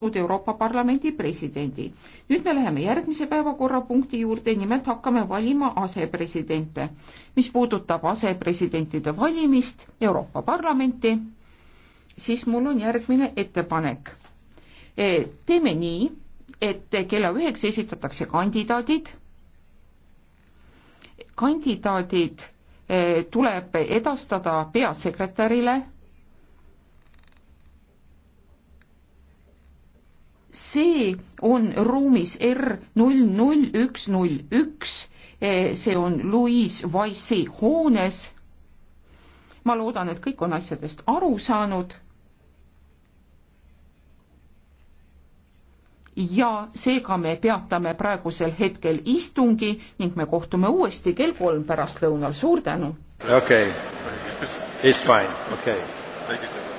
olnud Euroopa Parlamendi presidendi. nüüd me läheme järgmise päevakorrapunkti juurde, nimelt hakkame valima asepresidente. mis puudutab asepresidentide valimist Euroopa Parlamenti, siis mul on järgmine ettepanek. E, teeme nii, et kella üheks esitatakse kandidaadid. kandidaadid e, tuleb edastada peasekretärile see on ruumis R null null üks null üks, eh, see on Louise Wise'i hoones. ma loodan, et kõik on asjadest aru saanud ja seega me peatame praegusel hetkel istungi ning me kohtume uuesti kell kolm pärastlõunal. suur tänu. okei okay., it's fine, okei okay..